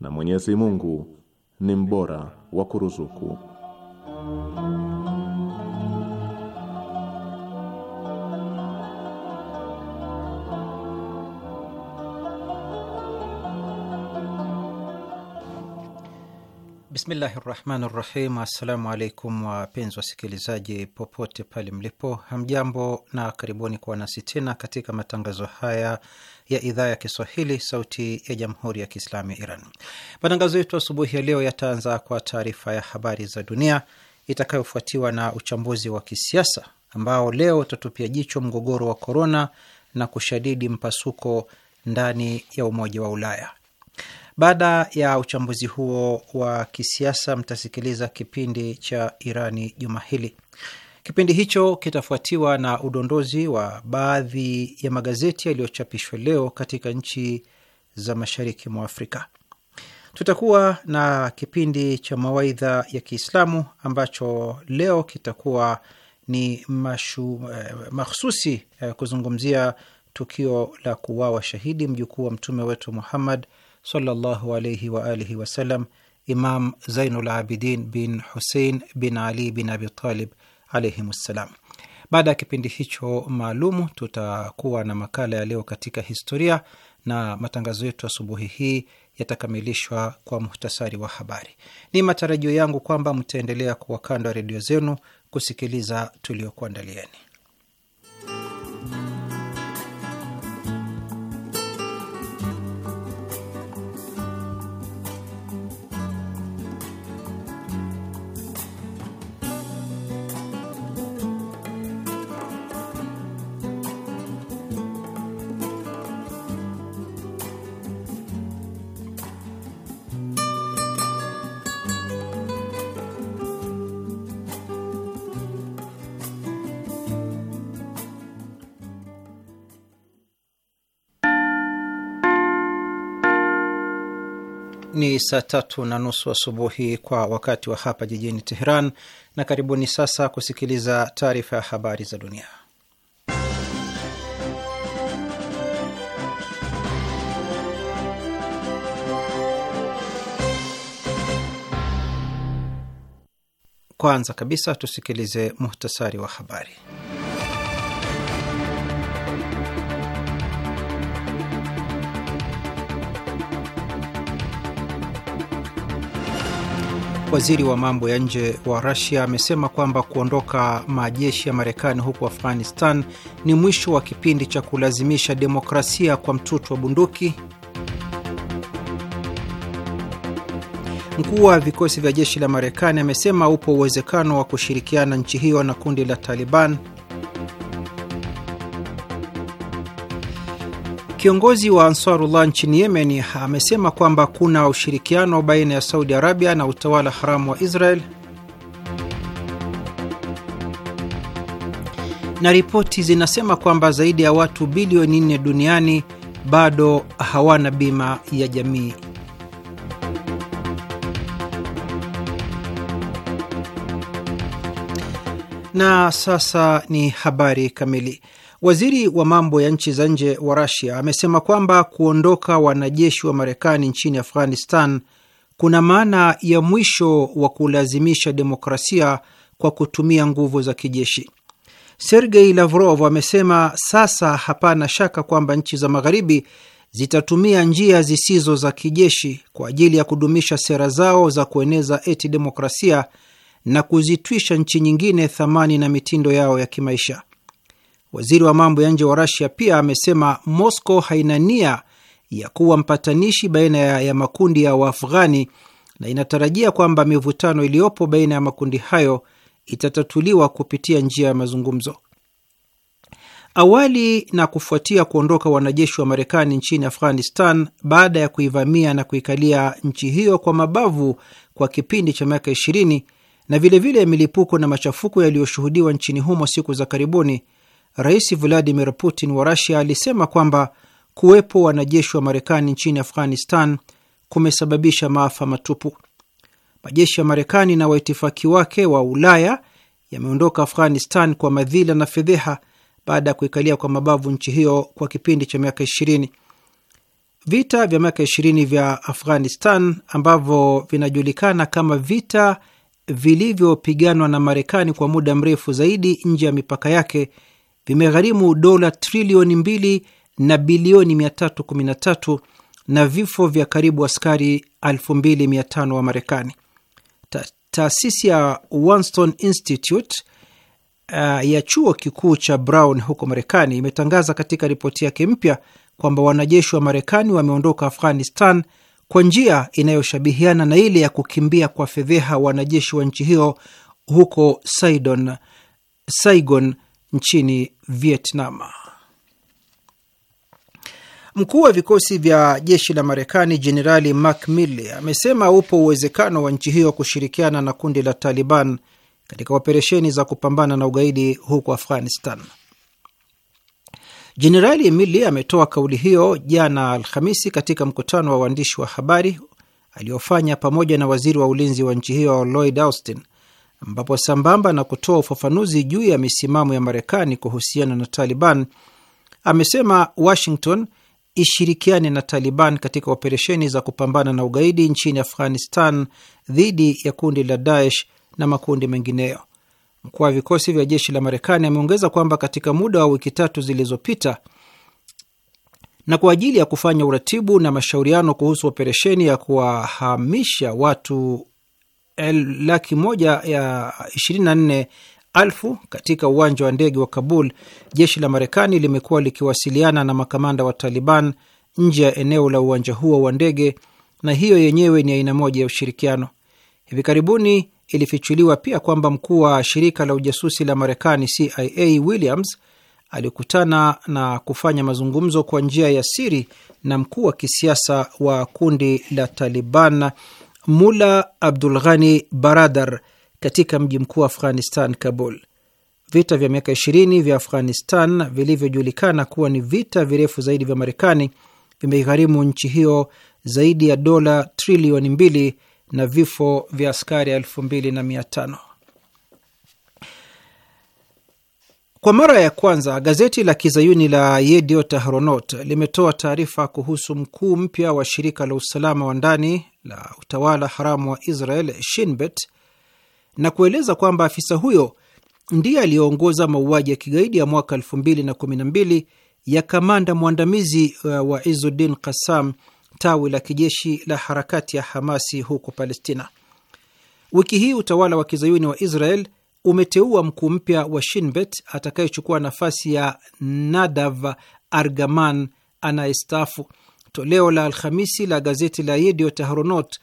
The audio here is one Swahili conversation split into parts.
na Mwenyezi Mungu ni mbora wa kuruzuku. Bismillahi rahmani rahim. Assalamu alaikum wapenzi wasikilizaji popote pale mlipo, hamjambo na karibuni kwa nasi tena katika matangazo haya ya idhaa ya Kiswahili, sauti ya jamhuri ya kiislamu ya Iran. Matangazo yetu asubuhi ya leo yataanza kwa taarifa ya habari za dunia itakayofuatiwa na uchambuzi wa kisiasa ambao leo utatupia jicho mgogoro wa korona na kushadidi mpasuko ndani ya Umoja wa Ulaya. Baada ya uchambuzi huo wa kisiasa, mtasikiliza kipindi cha Irani juma hili. Kipindi hicho kitafuatiwa na udondozi wa baadhi ya magazeti yaliyochapishwa leo katika nchi za mashariki mwa Afrika. Tutakuwa na kipindi cha mawaidha ya Kiislamu ambacho leo kitakuwa ni mashu, eh, mahsusi eh, kuzungumzia tukio la kuwawa shahidi mjukuu wa mtume wetu Muhammad sallallahu alaihi wa alihi wasallam, Imam Zainul Abidin bin Husein bin Ali bin Abi Talib ssalam Baada ya kipindi hicho maalumu, tutakuwa na makala ya leo katika historia na matangazo yetu asubuhi hii yatakamilishwa kwa muhtasari wa habari. Ni matarajio yangu kwamba mtaendelea kuwa kando ya redio zenu kusikiliza tuliokuandalieni. saa tatu na nusu asubuhi wa kwa wakati wa hapa jijini Teheran, na karibuni sasa kusikiliza taarifa ya habari za dunia. Kwanza kabisa tusikilize muhtasari wa habari. Waziri wa mambo ya nje wa rusia amesema kwamba kuondoka majeshi ya Marekani huko Afghanistan ni mwisho wa kipindi cha kulazimisha demokrasia kwa mtutu wa bunduki. Mkuu wa vikosi vya jeshi la Marekani amesema upo uwezekano wa kushirikiana nchi hiyo na kundi la Taliban. Kiongozi wa Ansarullah nchini Yemen amesema kwamba kuna ushirikiano baina ya Saudi Arabia na utawala haramu wa Israel. Na ripoti zinasema kwamba zaidi ya watu bilioni nne duniani bado hawana bima ya jamii. Na sasa ni habari kamili. Waziri wa mambo ya nchi za nje wa Rasia amesema kwamba kuondoka wanajeshi wa Marekani nchini Afghanistan kuna maana ya mwisho wa kulazimisha demokrasia kwa kutumia nguvu za kijeshi. Sergei Lavrov amesema sasa hapana shaka kwamba nchi za Magharibi zitatumia njia zisizo za kijeshi kwa ajili ya kudumisha sera zao za kueneza eti demokrasia na kuzitwisha nchi nyingine thamani na mitindo yao ya kimaisha. Waziri wa mambo ya nje wa Rasia pia amesema Moscow haina nia ya kuwa mpatanishi baina ya, ya makundi ya Waafghani na inatarajia kwamba mivutano iliyopo baina ya makundi hayo itatatuliwa kupitia njia ya mazungumzo. Awali na kufuatia kuondoka wanajeshi wa Marekani nchini Afghanistan baada ya kuivamia na kuikalia nchi hiyo kwa mabavu kwa kipindi cha miaka 20 na vilevile milipuko na machafuko yaliyoshuhudiwa nchini humo siku za karibuni Rais Vladimir Putin wa Rusia alisema kwamba kuwepo wanajeshi wa Marekani nchini Afghanistan kumesababisha maafa matupu. Majeshi ya Marekani na waitifaki wake wa Ulaya yameondoka Afghanistan kwa madhila na fedheha baada ya kuikalia kwa mabavu nchi hiyo kwa kipindi cha miaka ishirini. Vita vya miaka ishirini vya Afghanistan ambavyo vinajulikana kama vita vilivyopiganwa na Marekani kwa muda mrefu zaidi nje ya mipaka yake vimegharimu dola trilioni mbili na bilioni 313 na vifo vya karibu askari 2500 wa Marekani. Taasisi ya Winston Institute uh, ya chuo kikuu cha Brown huko Marekani imetangaza katika ripoti yake mpya kwamba wanajeshi wa Marekani wameondoka Afghanistan kwa njia inayoshabihiana na ile ya kukimbia kwa fedheha wanajeshi wa nchi hiyo huko Saigon, Saigon nchini Vietnam. Mkuu wa vikosi vya jeshi la Marekani Jenerali Mark Milley amesema upo uwezekano wa nchi hiyo kushirikiana na kundi la Taliban katika operesheni za kupambana na ugaidi huko Afghanistan. Jenerali Milley ametoa kauli hiyo jana Alhamisi katika mkutano wa waandishi wa habari aliofanya pamoja na waziri wa ulinzi wa nchi hiyo Lloyd Austin ambapo sambamba na kutoa ufafanuzi juu ya misimamo ya Marekani kuhusiana na Taliban amesema Washington ishirikiane na Taliban katika operesheni za kupambana na ugaidi nchini Afghanistan dhidi ya kundi la Daesh na makundi mengineyo. Mkuu wa vikosi vya jeshi la Marekani ameongeza kwamba katika muda wa wiki tatu zilizopita na kwa ajili ya kufanya uratibu na mashauriano kuhusu operesheni ya kuwahamisha watu laki moja ya 24 elfu katika uwanja wa ndege wa Kabul, jeshi la Marekani limekuwa likiwasiliana na makamanda wa Taliban nje ya eneo la uwanja huo wa ndege, na hiyo yenyewe ni aina moja ya ushirikiano. Hivi karibuni ilifichuliwa pia kwamba mkuu wa shirika la ujasusi la Marekani CIA Williams alikutana na kufanya mazungumzo kwa njia ya siri na mkuu wa kisiasa wa kundi la Taliban Mula Abdul Ghani Baradar katika mji mkuu wa Afghanistan, Kabul. Vita vya miaka 20 vya Afghanistan vilivyojulikana kuwa ni vita virefu zaidi vya Marekani vimegharimu nchi hiyo zaidi ya dola trilioni mbili na vifo vya askari elfu mbili na mia tano. Kwa mara ya kwanza gazeti la kizayuni la Yediot Ahronot limetoa taarifa kuhusu mkuu mpya wa shirika la usalama wa ndani la utawala haramu wa Israel, Shinbet, na kueleza kwamba afisa huyo ndiye aliyeongoza mauaji ya kigaidi ya mwaka 2012 ya kamanda mwandamizi uh, wa Izuddin Qassam, tawi la kijeshi la harakati ya Hamasi huko Palestina. Wiki hii utawala wa kizayuni wa Israel umeteua mkuu mpya wa Shinbet atakayechukua nafasi ya Nadav Argaman anayestaafu. Toleo la Alhamisi la gazeti la Yedio Taharonot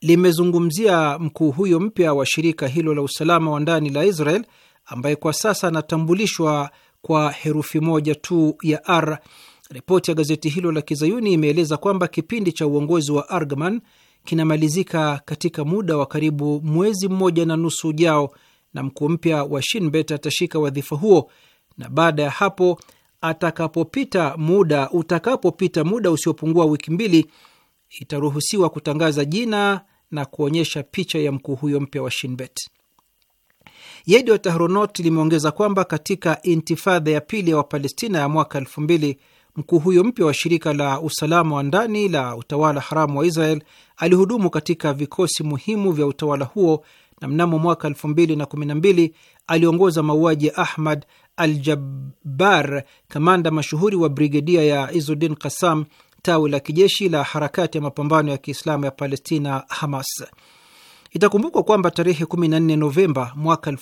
limezungumzia mkuu huyo mpya wa shirika hilo la usalama wa ndani la Israel ambaye kwa sasa anatambulishwa kwa herufi moja tu ya R. Ripoti ya gazeti hilo la kizayuni imeeleza kwamba kipindi cha uongozi wa Argaman kinamalizika katika muda wa karibu mwezi mmoja na nusu ujao na mkuu mpya wa Shinbet atashika wadhifa huo, na baada ya hapo atakapopita muda utakapopita muda usiopungua wiki mbili, itaruhusiwa kutangaza jina na kuonyesha picha ya mkuu huyo mpya wa Shinbet. Bet. Yedio Tahronot limeongeza kwamba katika intifadha ya pili ya Wapalestina ya mwaka elfu mbili mkuu huyo mpya wa shirika la usalama wa ndani la utawala haramu wa Israel alihudumu katika vikosi muhimu vya utawala huo na mnamo mwaka mbili aliongoza mauaji ya Ahmad Al-Jabbar, kamanda mashuhuri wa brigedia ya Izudin Qassam, tawi la kijeshi la harakati ya mapambano ya Kiislamu ya Palestina, Hamas. Itakumbukwa kwamba tarehe 14 Novemba mwaka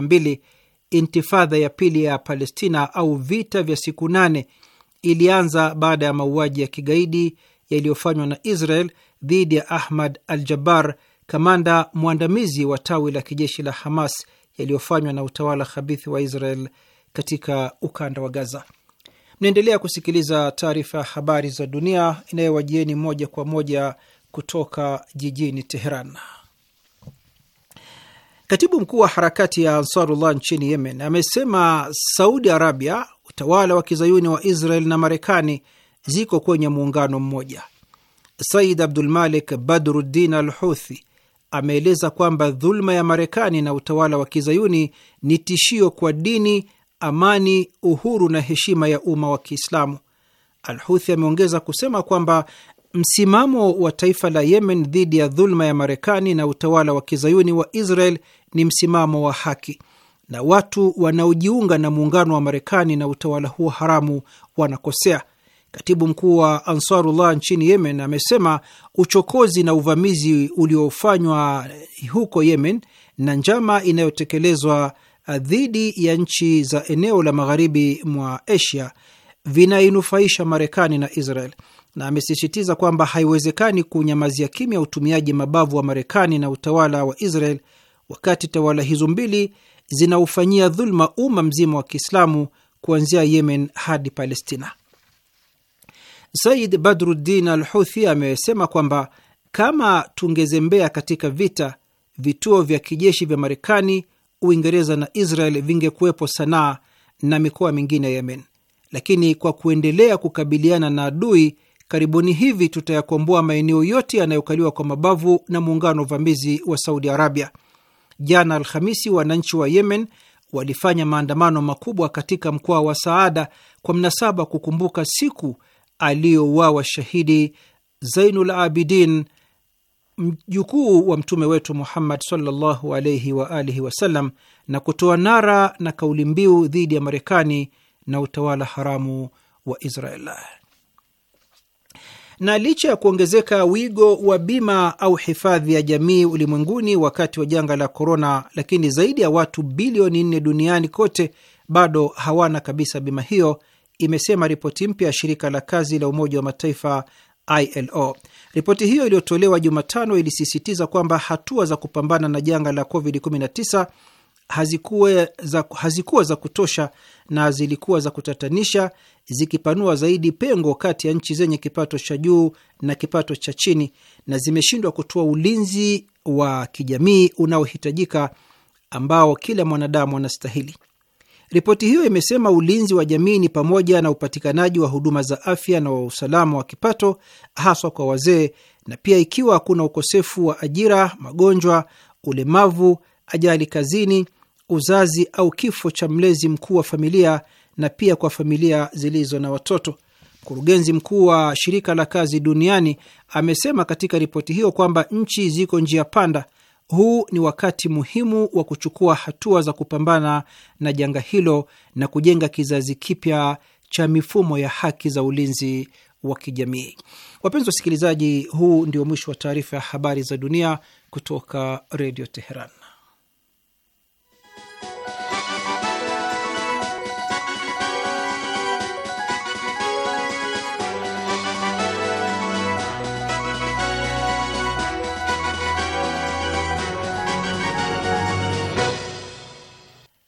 mbili intifadha ya pili ya Palestina au vita vya siku nane ilianza baada ya mauaji ya kigaidi yaliyofanywa na Israel dhidi ya Ahmad Al-Jabbar kamanda mwandamizi wa tawi la kijeshi la Hamas yaliyofanywa na utawala habithi wa Israel katika ukanda wa Gaza. Mnaendelea kusikiliza taarifa ya habari za dunia inayowajieni moja kwa moja kutoka jijini Teheran. Katibu mkuu wa harakati ya Ansarullah nchini Yemen amesema Saudi Arabia, utawala wa kizayuni wa Israel na Marekani ziko kwenye muungano mmoja. Said Abdulmalik Badruddin al Huthi, ameeleza kwamba dhuluma ya Marekani na utawala wa kizayuni ni tishio kwa dini, amani, uhuru na heshima ya umma wa Kiislamu. Alhuthi ameongeza kusema kwamba msimamo wa taifa la Yemen dhidi ya dhuluma ya Marekani na utawala wa kizayuni wa Israel ni msimamo wa haki na watu wanaojiunga na muungano wa Marekani na utawala huo haramu wanakosea. Katibu mkuu wa Ansarullah nchini Yemen amesema uchokozi na uvamizi uliofanywa huko Yemen na njama inayotekelezwa uh, dhidi ya nchi za eneo la magharibi mwa Asia vinainufaisha Marekani na Israel, na amesisitiza kwamba haiwezekani kunyamazia kimya utumiaji mabavu wa Marekani na utawala wa Israel wakati tawala hizo mbili zinaufanyia dhuluma umma mzima wa Kiislamu kuanzia Yemen hadi Palestina. Said Badruddin al Huthi amesema kwamba kama tungezembea katika vita, vituo vya kijeshi vya Marekani, Uingereza na Israel vingekuwepo Sanaa na mikoa mingine ya Yemen, lakini kwa kuendelea kukabiliana na adui, karibuni hivi tutayakomboa maeneo yote yanayokaliwa kwa mabavu na muungano wa uvamizi wa Saudi Arabia. Jana Alhamisi, wananchi wa Yemen walifanya maandamano makubwa katika mkoa wa Saada kwa mnasaba kukumbuka siku aliyouawa shahidi Zainul Abidin, mjukuu wa mtume wetu Muhammad sallallahu alaihi wa alihi wasallam, na kutoa nara na kauli mbiu dhidi ya Marekani na utawala haramu wa Israel. Na licha ya kuongezeka wigo wa bima au hifadhi ya jamii ulimwenguni wakati wa janga la korona, lakini zaidi ya watu bilioni nne duniani kote bado hawana kabisa bima hiyo imesema ripoti mpya ya shirika la kazi la Umoja wa Mataifa ILO. Ripoti hiyo iliyotolewa Jumatano ilisisitiza kwamba hatua za kupambana na janga la COVID-19 hazikuwa za, hazikuwa za kutosha na zilikuwa za kutatanisha, zikipanua zaidi pengo kati ya nchi zenye kipato cha juu na kipato cha chini, na zimeshindwa kutoa ulinzi wa kijamii unaohitajika ambao kila mwanadamu anastahili. Ripoti hiyo imesema ulinzi wa jamii ni pamoja na upatikanaji wa huduma za afya na wa usalama wa kipato, haswa kwa wazee, na pia ikiwa kuna ukosefu wa ajira, magonjwa, ulemavu, ajali kazini, uzazi au kifo cha mlezi mkuu wa familia, na pia kwa familia zilizo na watoto. Mkurugenzi mkuu wa shirika la kazi duniani amesema katika ripoti hiyo kwamba nchi ziko njia panda huu ni wakati muhimu wa kuchukua hatua za kupambana na janga hilo na kujenga kizazi kipya cha mifumo ya haki za ulinzi wa kijamii. Wapenzi wasikilizaji, huu ndio mwisho wa taarifa ya habari za dunia kutoka Redio Teheran.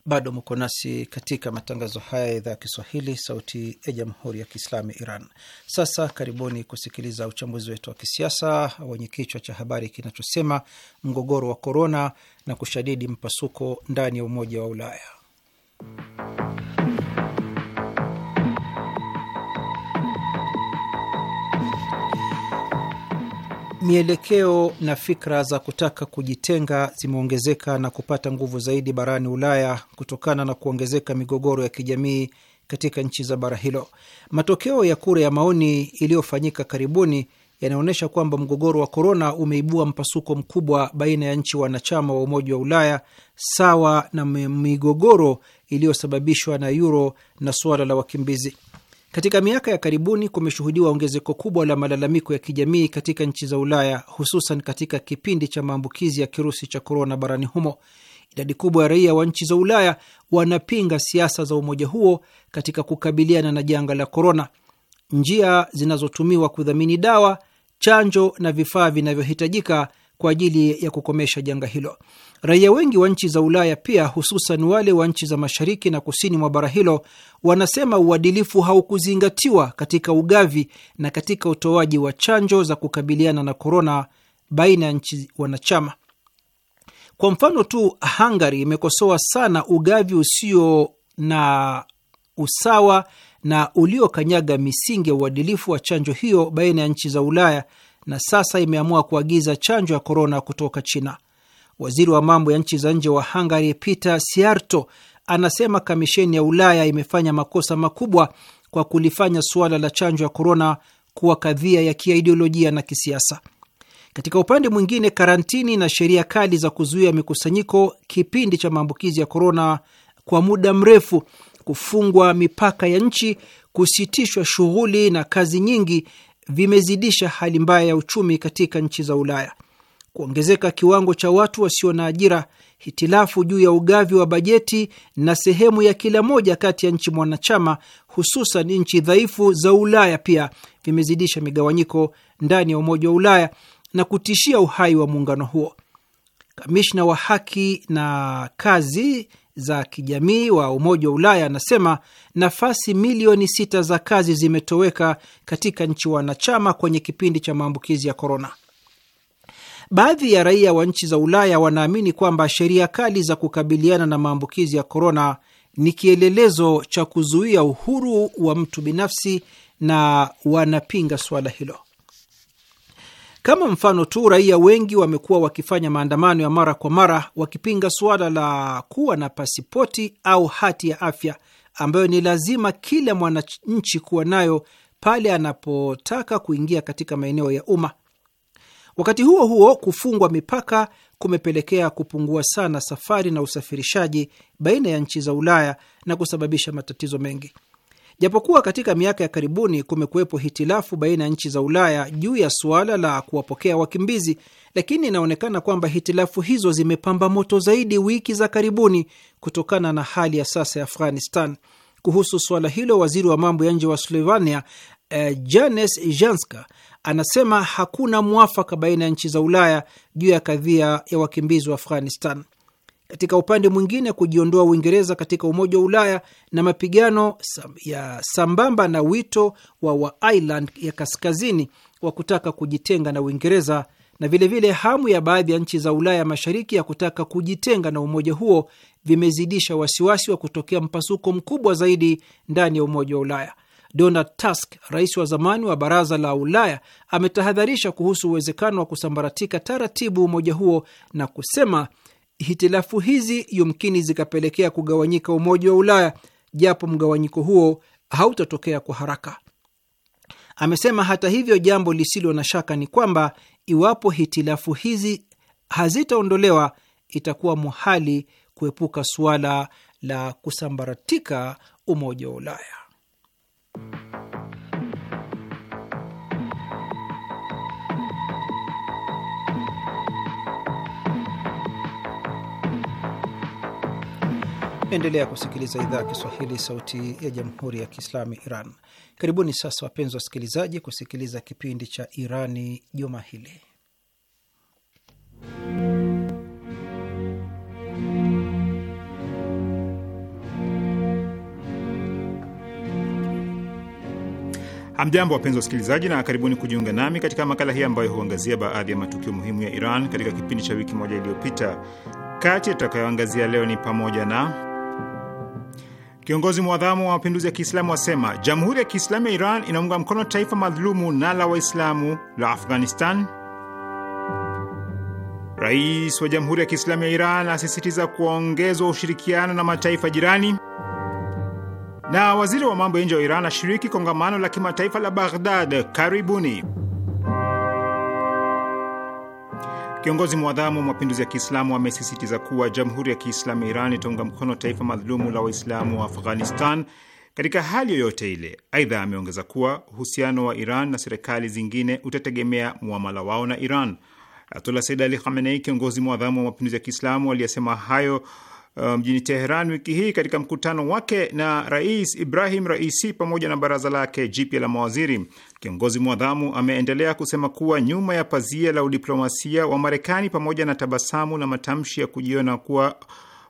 Bado mko nasi katika matangazo haya ya idhaa ya Kiswahili, sauti ya jamhuri ya kiislamu ya Iran. Sasa karibuni kusikiliza uchambuzi wetu wa kisiasa wenye kichwa cha habari kinachosema mgogoro wa korona na kushadidi mpasuko ndani ya umoja wa Ulaya. Mielekeo na fikra za kutaka kujitenga zimeongezeka na kupata nguvu zaidi barani Ulaya kutokana na kuongezeka migogoro ya kijamii katika nchi za bara hilo. Matokeo ya kura ya maoni iliyofanyika karibuni yanaonyesha kwamba mgogoro wa korona umeibua mpasuko mkubwa baina ya nchi wanachama wa Umoja wa Ulaya, sawa na migogoro iliyosababishwa na yuro na suala la wakimbizi. Katika miaka ya karibuni kumeshuhudiwa ongezeko kubwa la malalamiko ya kijamii katika nchi za Ulaya, hususan katika kipindi cha maambukizi ya kirusi cha korona barani humo. Idadi kubwa ya raia wa nchi za Ulaya wanapinga siasa za umoja huo katika kukabiliana na janga la korona, njia zinazotumiwa kudhamini dawa, chanjo na vifaa vinavyohitajika kwa ajili ya kukomesha janga hilo. Raia wengi wa nchi za Ulaya pia, hususan wale wa nchi za mashariki na kusini mwa bara hilo, wanasema uadilifu haukuzingatiwa katika ugavi na katika utoaji wa chanjo za kukabiliana na korona baina ya nchi wanachama. Kwa mfano tu, Hungary imekosoa sana ugavi usio na usawa na uliokanyaga misingi ya uadilifu wa chanjo hiyo baina ya nchi za Ulaya na sasa imeamua kuagiza chanjo ya korona kutoka China. Waziri wa mambo ya nchi za nje wa Hungary, Peter Siarto, anasema kamisheni ya Ulaya imefanya makosa makubwa kwa kulifanya suala la chanjo ya korona kuwa kadhia ya kiaidiolojia na kisiasa. Katika upande mwingine, karantini na sheria kali za kuzuia mikusanyiko kipindi cha maambukizi ya korona kwa muda mrefu, kufungwa mipaka ya nchi, kusitishwa shughuli na kazi nyingi vimezidisha hali mbaya ya uchumi katika nchi za Ulaya. Kuongezeka kiwango cha watu wasio na ajira, hitilafu juu ya ugavi wa bajeti na sehemu ya kila moja kati ya nchi mwanachama, hususan nchi dhaifu za Ulaya, pia vimezidisha migawanyiko ndani ya Umoja wa Ulaya na kutishia uhai wa muungano huo. Kamishna wa haki na kazi za kijamii wa Umoja wa Ulaya anasema nafasi milioni sita za kazi zimetoweka katika nchi wanachama kwenye kipindi cha maambukizi ya korona. Baadhi ya raia wa nchi za Ulaya wanaamini kwamba sheria kali za kukabiliana na maambukizi ya korona ni kielelezo cha kuzuia uhuru wa mtu binafsi na wanapinga suala hilo. Kama mfano tu, raia wengi wamekuwa wakifanya maandamano ya mara kwa mara wakipinga suala la kuwa na pasipoti au hati ya afya ambayo ni lazima kila mwananchi kuwa nayo pale anapotaka kuingia katika maeneo ya umma. Wakati huo huo, kufungwa mipaka kumepelekea kupungua sana safari na usafirishaji baina ya nchi za Ulaya na kusababisha matatizo mengi. Japokuwa katika miaka ya karibuni kumekuwepo hitilafu baina ya nchi za Ulaya juu ya suala la kuwapokea wakimbizi, lakini inaonekana kwamba hitilafu hizo zimepamba moto zaidi wiki za karibuni kutokana na hali ya sasa ya Afghanistan. Kuhusu suala hilo, waziri wa mambo ya nje wa Slovenia eh, Janez Janska anasema hakuna mwafaka baina ya nchi za Ulaya juu ya kadhia ya wakimbizi wa Afghanistan katika upande mwingine kujiondoa Uingereza katika Umoja wa Ulaya na mapigano ya sambamba na wito wa Waireland ya kaskazini wa kutaka kujitenga na Uingereza na vilevile vile hamu ya baadhi ya nchi za Ulaya mashariki ya kutaka kujitenga na umoja huo vimezidisha wasiwasi wa kutokea mpasuko mkubwa zaidi ndani ya Umoja wa Ulaya. Donald Tusk, rais wa zamani wa Baraza la Ulaya, ametahadharisha kuhusu uwezekano wa kusambaratika taratibu umoja huo na kusema hitilafu hizi yumkini zikapelekea kugawanyika Umoja wa Ulaya, japo mgawanyiko huo hautatokea kwa haraka. Amesema hata hivyo, jambo lisilo na shaka ni kwamba iwapo hitilafu hizi hazitaondolewa, itakuwa muhali kuepuka suala la kusambaratika Umoja wa Ulaya. Endelea kusikiliza idhaa ya Kiswahili, sauti ya jamhuri ya kiislamu Iran. Karibuni sasa, wapenzi wasikilizaji, kusikiliza kipindi cha Irani juma hili. Hamjambo, wapenzi wasikilizaji, na karibuni kujiunga nami katika makala hii ambayo huangazia baadhi ya matukio muhimu ya Iran katika kipindi cha wiki moja iliyopita. Kati tutakayoangazia leo ni pamoja na Kiongozi mwadhamu wa mapinduzi ya Kiislamu wasema jamhuri ya Kiislamu ya Iran inaunga mkono taifa madhulumu na la Waislamu la Afghanistan. Rais wa Jamhuri ya Kiislamu ya Iran asisitiza kuongezwa ushirikiano na mataifa jirani. Na waziri wa mambo ya nje wa Iran ashiriki kongamano la kimataifa la Baghdad. Karibuni. Kiongozi mwadhamu wa mapinduzi ya Kiislamu amesisitiza kuwa Jamhuri ya Kiislamu ya Iran itaunga mkono taifa madhulumu la Waislamu wa Afghanistan katika hali yoyote ile. Aidha, ameongeza kuwa uhusiano wa Iran na serikali zingine utategemea muamala wao na Iran. Ayatullah Sayyid Ali Khamenei, kiongozi mwadhamu wa mapinduzi ya Kiislamu, aliyesema hayo mjini um, Teheran wiki hii katika mkutano wake na Rais Ibrahim Raisi pamoja na baraza lake jipya la mawaziri. Kiongozi mwadhamu ameendelea kusema kuwa nyuma ya pazia la udiplomasia wa Marekani, pamoja na tabasamu na matamshi ya kujiona kuwa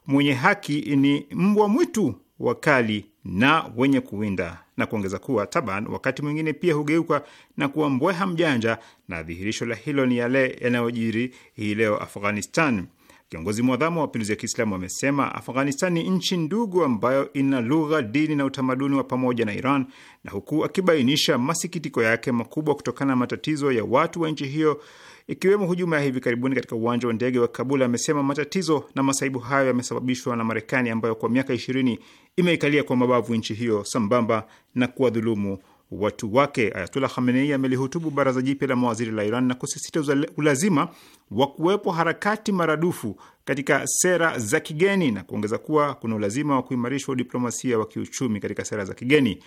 mwenye haki, ni mbwa mwitu wakali na wenye kuwinda, na kuongeza kuwa Taban wakati mwingine pia hugeuka na kuwa mbweha mjanja, na dhihirisho la hilo ni yale yanayojiri hii leo Afghanistan. Kiongozi mwadhamu wa mapinduzi ya Kiislamu amesema Afghanistan ni nchi ndugu ambayo ina lugha, dini na utamaduni wa pamoja na Iran, na huku akibainisha masikitiko yake makubwa kutokana na matatizo ya watu wa nchi hiyo ikiwemo hujuma ya hivi karibuni katika uwanja wa ndege wa Kabul. Amesema matatizo na masaibu hayo yamesababishwa na Marekani ambayo kwa miaka ishirini imeikalia kwa mabavu nchi hiyo sambamba na kuwadhulumu watu wake. Ayatullah Khamenei amelihutubu baraza jipya la mawaziri la Iran na kusisitiza ulazima wa kuwepo harakati maradufu katika sera za kigeni na kuongeza kuwa kuna ulazima wa kuimarishwa udiplomasia wa kiuchumi katika sera za kigeni.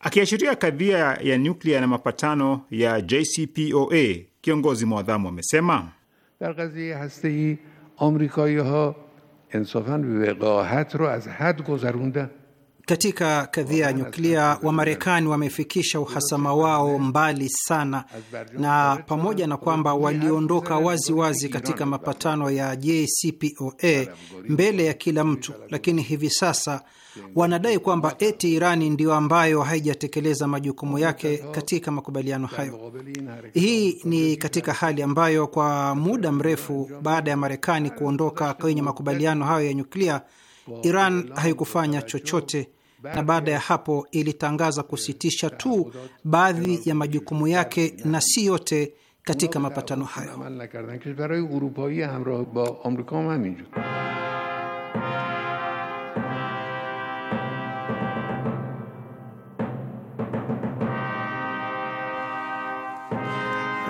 Akiashiria kadhia ya nyuklia na mapatano ya JCPOA, kiongozi mwadhamu amesema dar qaziye hastei amrikayiha insafan veqahat ro az had gozarundan katika kadhia ya nyuklia, Wamarekani wamefikisha uhasama wao mbali sana, na pamoja na kwamba waliondoka waziwazi wazi katika mapatano ya JCPOA mbele ya kila mtu, lakini hivi sasa wanadai kwamba eti Irani ndiyo ambayo haijatekeleza majukumu yake katika makubaliano hayo. Hii ni katika hali ambayo kwa muda mrefu baada ya Marekani kuondoka kwenye makubaliano hayo ya nyuklia, Iran haikufanya chochote na baada ya hapo ilitangaza kusitisha tu baadhi ya majukumu yake na si yote katika mapatano hayo.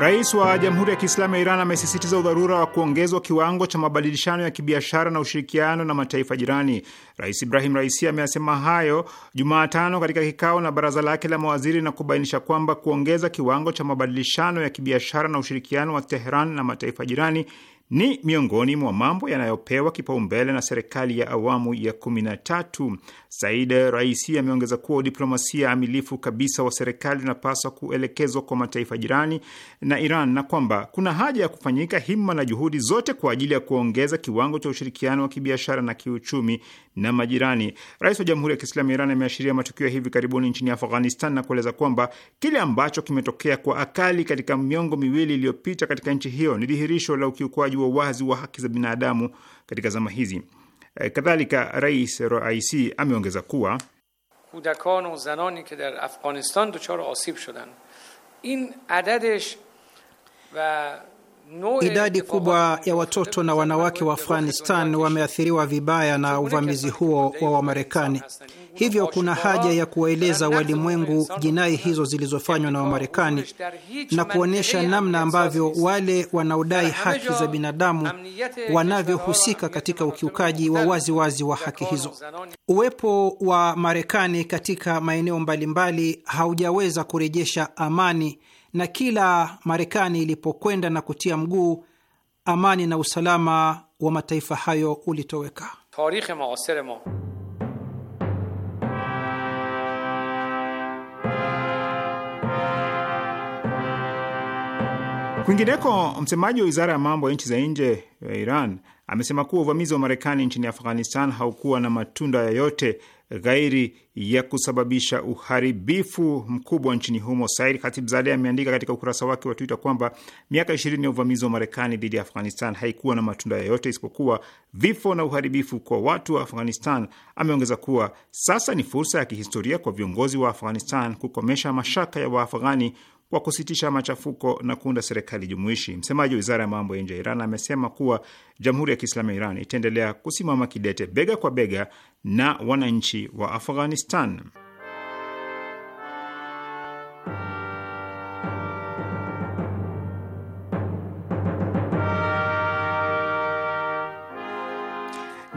Rais wa Jamhuri ya Kiislamu ya Iran amesisitiza udharura wa kuongezwa kiwango cha mabadilishano ya kibiashara na ushirikiano na mataifa jirani. Rais Ibrahim Raisi ameyasema hayo Jumatano katika kikao na baraza lake la mawaziri na kubainisha kwamba kuongeza kiwango cha mabadilishano ya kibiashara na ushirikiano wa teheran na mataifa jirani ni miongoni mwa mambo yanayopewa kipaumbele na serikali ya awamu ya kumi na tatu. Said Raisi ameongeza kuwa diplomasia amilifu kabisa wa serikali inapaswa kuelekezwa kwa mataifa jirani na Iran na kwamba kuna haja ya kufanyika himma na juhudi zote kwa ajili ya kuongeza kiwango cha ushirikiano wa kibiashara na kiuchumi na majirani. Rais wa Jamhuri ya Kiislamu ya Iran ameashiria matukio ya hivi karibuni nchini Afghanistan na kueleza kwamba kile ambacho kimetokea kwa akali katika miongo miwili iliyopita katika nchi hiyo ni dhihirisho la ukiukwaji ukiukwaji wa wazi wa haki za binadamu katika zama hizi. Eh, kadhalika, Rais Raisi ameongeza kuwa kudakan u zanani ke dar afghanistan duchar asib shudan in adadesh va Idadi kubwa ya watoto na wanawake wa Afghanistan wameathiriwa vibaya na uvamizi huo wa Wamarekani. Hivyo kuna haja ya kuwaeleza walimwengu jinai hizo zilizofanywa na Wamarekani na kuonyesha namna ambavyo wale wanaodai haki za binadamu wanavyohusika katika ukiukaji wa waziwazi wazi wa haki hizo. Uwepo wa Marekani katika maeneo mbalimbali haujaweza kurejesha amani, na kila Marekani ilipokwenda na kutia mguu, amani na usalama wa mataifa hayo ulitoweka. Kwingineko, msemaji wa wizara ya mambo ya nchi za nje ya Iran amesema kuwa uvamizi wa Marekani nchini Afghanistan haukuwa na matunda yoyote ghairi ya kusababisha uharibifu mkubwa nchini humo. Said Khatibzadeh ameandika katika ukurasa wake wa Twitter kwamba miaka ishirini ya uvamizi wa Marekani dhidi ya Afghanistan haikuwa na matunda yoyote isipokuwa vifo na uharibifu kwa watu wa Afghanistan. Ameongeza kuwa sasa ni fursa ya kihistoria kwa viongozi wa Afghanistan kukomesha mashaka ya Waafghani kwa kusitisha machafuko na kuunda serikali jumuishi. Msemaji wa wizara ya mambo ya nje ya Iran amesema kuwa jamhuri ya Kiislamu ya Iran itaendelea kusimama kidete bega kwa bega na wananchi wa Afghanistan.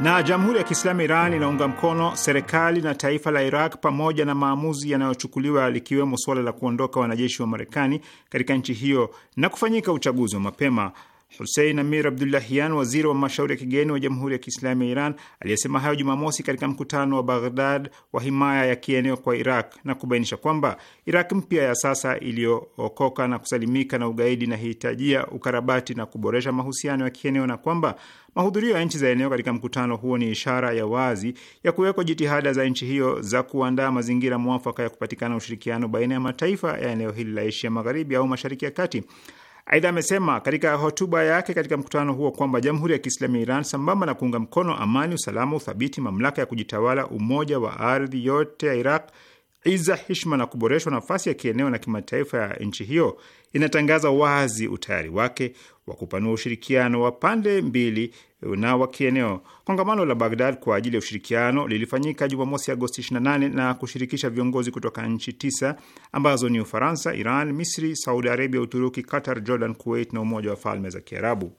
na Jamhuri ya Kiislamu Iran inaunga mkono serikali na taifa la Iraq pamoja na maamuzi yanayochukuliwa likiwemo suala la kuondoka wanajeshi wa Marekani katika nchi hiyo na kufanyika uchaguzi wa mapema. Husein Amir Abdullahian, waziri wa mashauri ya kigeni wa Jamhuri ya Kiislamu ya Iran, aliyesema hayo Jumamosi katika mkutano wa Baghdad wa himaya ya kieneo kwa Iraq na kubainisha kwamba Iraq mpya ya sasa iliyookoka na kusalimika na ugaidi inahitajia ukarabati na kuboresha mahusiano ya kieneo na kwamba mahudhurio ya nchi za eneo katika mkutano huo ni ishara ya wazi ya kuwekwa jitihada za nchi hiyo za kuandaa mazingira mwafaka ya kupatikana ushirikiano baina ya mataifa ya eneo hili la Asia Magharibi au Mashariki ya Kati. Aidha, amesema katika hotuba yake katika mkutano huo kwamba Jamhuri ya Kiislamu ya Iran sambamba na kuunga mkono amani, usalama, uthabiti, mamlaka ya kujitawala, umoja wa ardhi yote ya Iraq, iza, hishma na kuboreshwa nafasi ya kieneo na kimataifa ya nchi hiyo, inatangaza wazi utayari wake wa kupanua ushirikiano wa pande mbili na wa kieneo. Kongamano la Baghdad kwa ajili ya ushirikiano lilifanyika Jumamosi, Agosti 28 na kushirikisha viongozi kutoka nchi tisa ambazo ni Ufaransa, Iran, Misri, Saudi Arabia, Uturuki, Qatar, Jordan, Kuwait na Umoja wa Falme za Kiarabu.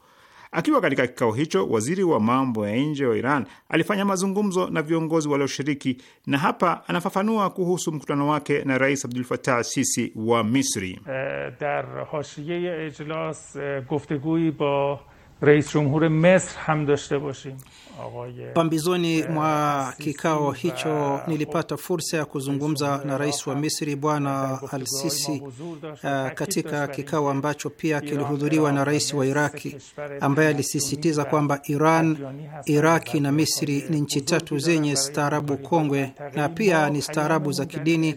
Akiwa katika kikao hicho, waziri wa mambo ya nje wa Iran alifanya mazungumzo na viongozi walioshiriki, na hapa anafafanua kuhusu mkutano wake na Rais Abdul fatah Sisi wa Misri. Uh, rais jumhuri مصر ham doshte boshim Pambizoni mwa kikao hicho nilipata fursa ya kuzungumza na rais wa Misri Bwana Al-Sisi uh, katika kikao ambacho pia kilihudhuriwa na rais wa Iraki ambaye alisisitiza kwamba Iran, Iraki na Misri ni nchi tatu zenye staarabu kongwe na pia ni staarabu za kidini,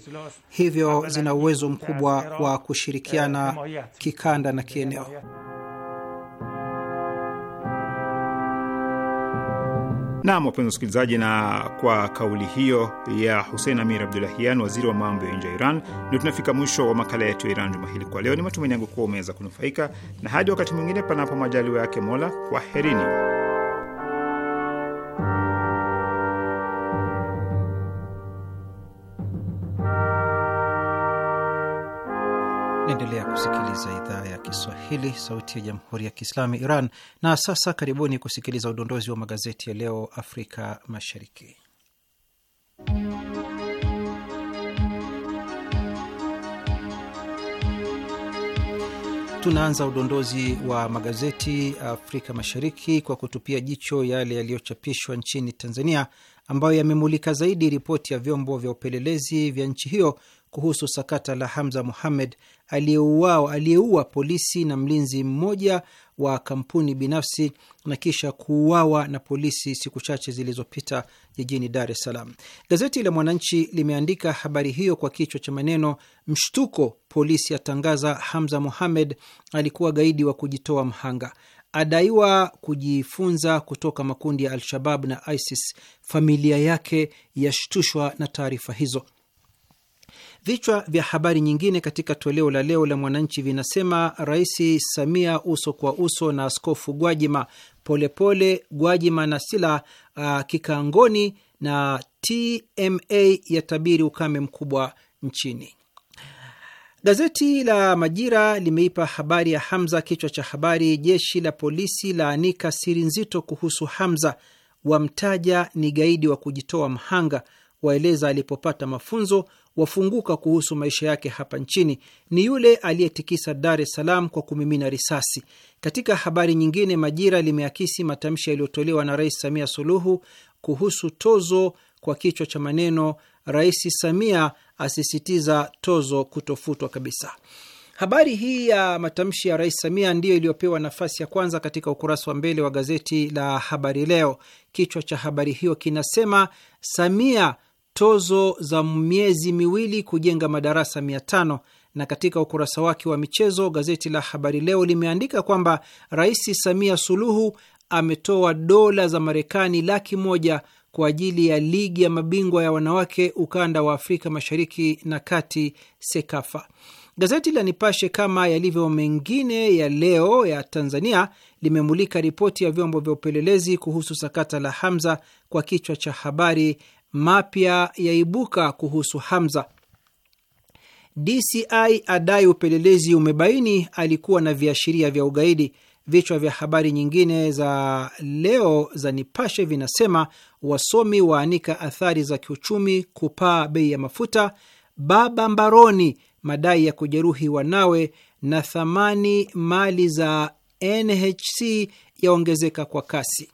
hivyo zina uwezo mkubwa wa kushirikiana kikanda na kieneo. Naam, wapenzi wasikilizaji, na kwa kauli hiyo ya Husein Amir Abdulahian, waziri wa mambo ya nje ya Iran, ndio tunafika mwisho wa makala yetu ya Iran juma hili kwa leo. Ni matumaini yangu kuwa umeweza kunufaika, na hadi wakati mwingine, panapo majaliwa yake Mola, kwaherini. Naendelea kusikiliza idhaa ya Kiswahili, sauti ya jamhuri ya kiislamu Iran. Na sasa karibuni kusikiliza udondozi wa magazeti ya leo Afrika Mashariki. Tunaanza udondozi wa magazeti Afrika Mashariki kwa kutupia jicho yale yaliyochapishwa nchini Tanzania, ambayo yamemulika zaidi ripoti ya vyombo vya upelelezi vya nchi hiyo kuhusu sakata la Hamza Muhammed aliyeuawa aliyeua polisi na mlinzi mmoja wa kampuni binafsi na kisha kuuawa na polisi siku chache zilizopita jijini Dar es Salaam. Gazeti la Mwananchi limeandika habari hiyo kwa kichwa cha maneno, mshtuko, polisi atangaza Hamza Muhammed alikuwa gaidi wa kujitoa mhanga, adaiwa kujifunza kutoka makundi ya Al-Shabab na ISIS, familia yake yashtushwa na taarifa hizo. Vichwa vya habari nyingine katika toleo la leo la Mwananchi vinasema: Rais Samia uso kwa uso na Askofu Gwajima, polepole Gwajima na Sila uh, kikangoni, na TMA yatabiri ukame mkubwa nchini. Gazeti la Majira limeipa habari ya Hamza kichwa cha habari, jeshi la polisi laanika siri nzito kuhusu Hamza, wamtaja ni gaidi wa kujitoa mhanga, waeleza alipopata mafunzo wafunguka kuhusu maisha yake hapa nchini ni yule aliyetikisa Dar es Salaam kwa kumimina risasi. Katika habari nyingine, Majira limeakisi matamshi yaliyotolewa na Rais Samia Suluhu kuhusu tozo kwa kichwa cha maneno, Rais Samia asisitiza tozo kutofutwa kabisa. Habari hii ya matamshi ya Rais Samia ndiyo iliyopewa nafasi ya kwanza katika ukurasa wa mbele wa gazeti la Habari Leo. Kichwa cha habari hiyo kinasema Samia tozo za miezi miwili kujenga madarasa mia tano na katika ukurasa wake wa michezo gazeti la Habari Leo limeandika kwamba Rais Samia Suluhu ametoa dola za Marekani laki moja kwa ajili ya ligi ya mabingwa ya wanawake ukanda wa Afrika Mashariki na Kati, SEKAFA. Gazeti la Nipashe, kama yalivyo mengine ya leo ya Tanzania, limemulika ripoti ya vyombo vya upelelezi kuhusu sakata la Hamza kwa kichwa cha habari, mapya yaibuka kuhusu Hamza. DCI adai upelelezi umebaini alikuwa na viashiria vya ugaidi. Vichwa vya habari nyingine za leo za Nipashe vinasema wasomi waanika athari za kiuchumi, kupaa bei ya mafuta, baba mbaroni, madai ya kujeruhi wanawe, na thamani mali za NHC yaongezeka kwa kasi.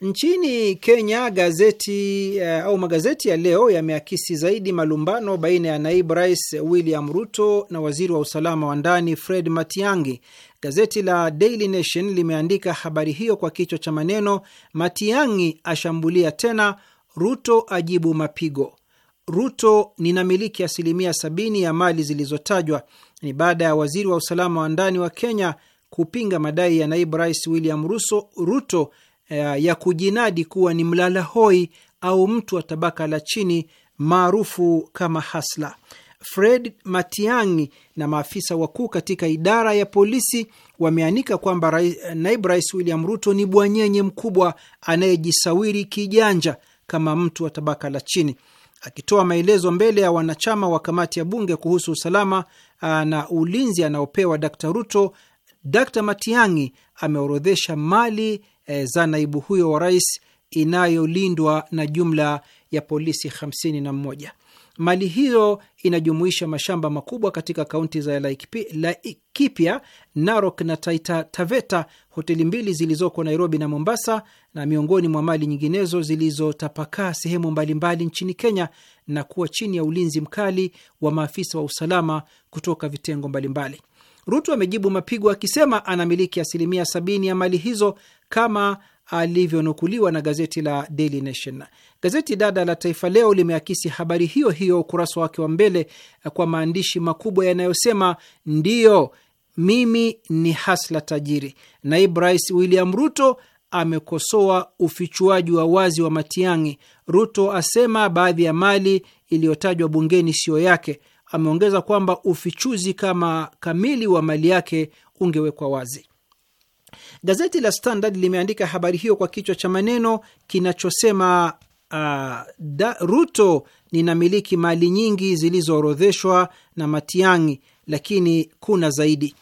Nchini Kenya, gazeti uh, au magazeti ya leo yameakisi zaidi malumbano baina ya naibu rais William Ruto na waziri wa usalama wa ndani Fred Matiang'i. Gazeti la Daily Nation limeandika habari hiyo kwa kichwa cha maneno, Matiang'i ashambulia tena, Ruto ajibu mapigo. Ruto ninamiliki asilimia sabini ya mali zilizotajwa. Ni baada ya waziri wa usalama wa ndani wa Kenya kupinga madai ya naibu rais William Ruso, Ruto Eh, ya kujinadi kuwa ni mlala hoi au mtu wa tabaka la chini maarufu kama hasla. Fred Matiang'i na maafisa wakuu katika idara ya polisi wameanika kwamba eh, naibu rais William Ruto ni bwanyenye mkubwa anayejisawiri kijanja kama mtu wa tabaka la chini. Akitoa maelezo mbele ya wanachama wa kamati ya bunge kuhusu usalama eh, na ulinzi anaopewa d Ruto, d Matiang'i ameorodhesha mali e, za naibu huyo wa rais inayolindwa na jumla ya polisi 51. Mali hiyo inajumuisha mashamba makubwa katika kaunti za Laikipia, Narok na Taita Taveta, hoteli mbili zilizoko Nairobi na Mombasa, na miongoni mwa mali nyinginezo zilizotapakaa sehemu mbalimbali nchini Kenya na kuwa chini ya ulinzi mkali wa maafisa wa usalama kutoka vitengo mbalimbali mbali. Ruto amejibu mapigo akisema anamiliki asilimia sabini ya mali hizo kama alivyonukuliwa na gazeti la Daily Nation. Gazeti dada la Taifa Leo limeakisi habari hiyo hiyo ukurasa wake wa mbele kwa maandishi makubwa yanayosema ndiyo mimi ni hasla tajiri. Naibu Rais William Ruto amekosoa ufichuaji wa wazi wa Matiang'i. Ruto asema baadhi ya mali iliyotajwa bungeni siyo yake ameongeza kwamba ufichuzi kama kamili wa mali yake ungewekwa wazi. Gazeti la Standard limeandika habari hiyo kwa kichwa cha maneno kinachosema uh, da, Ruto ninamiliki mali nyingi zilizoorodheshwa na Matiang'i, lakini kuna zaidi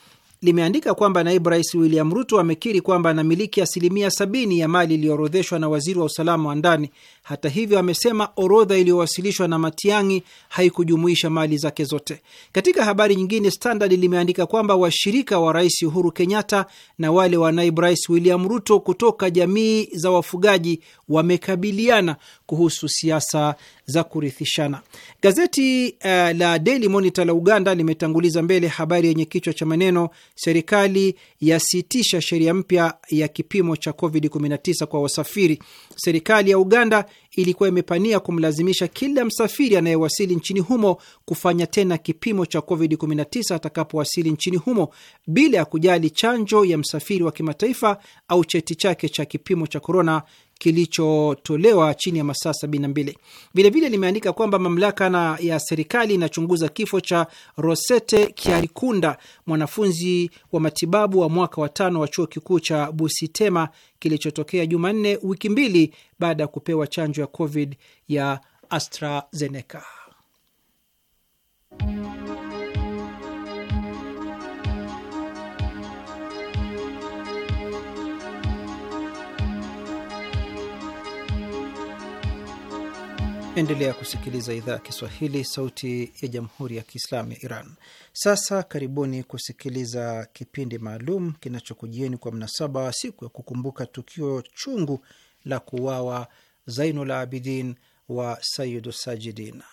limeandika kwamba naibu rais William Ruto amekiri kwamba anamiliki asilimia sabini ya mali iliyoorodheshwa na waziri wa usalama wa ndani. Hata hivyo, amesema orodha iliyowasilishwa na Matiang'i haikujumuisha mali zake zote. Katika habari nyingine, Standard limeandika kwamba washirika wa rais Uhuru Kenyatta na wale wa naibu rais William Ruto kutoka jamii za wafugaji wamekabiliana kuhusu siasa za kurithishana. Gazeti uh, la Daily Monitor la Uganda limetanguliza mbele habari yenye kichwa cha maneno serikali yasitisha sheria mpya ya kipimo cha COVID-19 kwa wasafiri. Serikali ya Uganda ilikuwa imepania kumlazimisha kila msafiri anayewasili nchini humo kufanya tena kipimo cha COVID-19 atakapowasili nchini humo bila ya kujali chanjo ya msafiri wa kimataifa au cheti chake cha kipimo cha korona kilichotolewa chini ya masaa 72. Vilevile limeandika kwamba mamlaka na ya serikali inachunguza kifo cha Rosete Kiarikunda, mwanafunzi wa matibabu wa mwaka wa tano wa chuo kikuu cha Busitema kilichotokea Jumanne, wiki mbili baada ya kupewa chanjo ya COVID ya AstraZeneca. Endelea kusikiliza idhaa ya Kiswahili, sauti ya jamhuri ya kiislamu ya Iran. Sasa karibuni kusikiliza kipindi maalum kinachokujieni kwa mnasaba wa siku ya kukumbuka tukio chungu la kuuawa Zainul Abidin wa Sayidu Sajidina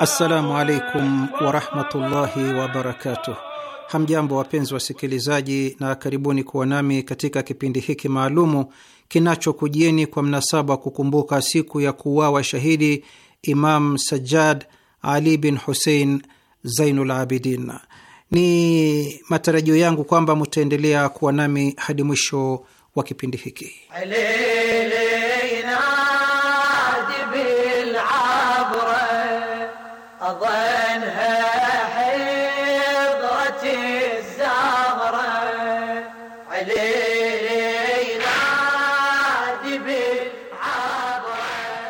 Assalamu alaikum warahmatullahi wabarakatuh. Hamjambo wapenzi wasikilizaji, na karibuni kuwa nami katika kipindi hiki maalumu kinachokujieni kwa mnasaba wa kukumbuka siku ya kuuawa shahidi Imam Sajjad Ali bin husein Zainul Abidin. Ni matarajio yangu kwamba mutaendelea kuwa nami hadi mwisho wa kipindi hiki. Alele. أظنها حضرة الزهرة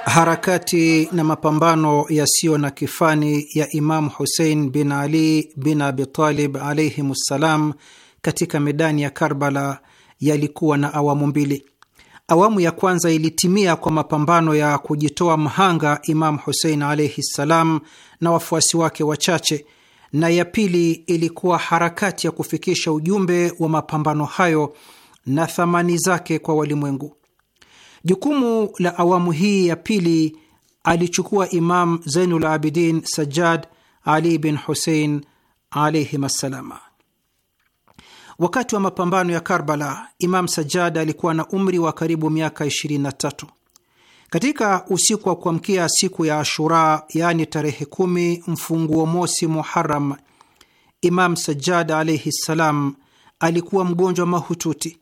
Harakati na mapambano yasiyo na kifani ya Imamu Husein bin Ali bin abitalib Talib alaihim ssalam katika medani ya Karbala yalikuwa na awamu mbili. Awamu ya kwanza ilitimia kwa mapambano ya kujitoa mhanga Imamu Husein alaihi ssalam na wafuasi wake wachache, na ya pili ilikuwa harakati ya kufikisha ujumbe wa mapambano hayo na thamani zake kwa walimwengu. Jukumu la awamu hii ya pili alichukua Imam Zainul Abidin Sajjad Ali bin Husein alaihim assalama. Wakati wa mapambano ya Karbala, Imam Sajjad alikuwa na umri wa karibu miaka 23. Katika usiku wa kuamkia siku ya Ashura, yaani tarehe kumi mfunguo mosi Muharam, Imam Sajjad alaihi ssalam alikuwa mgonjwa mahututi.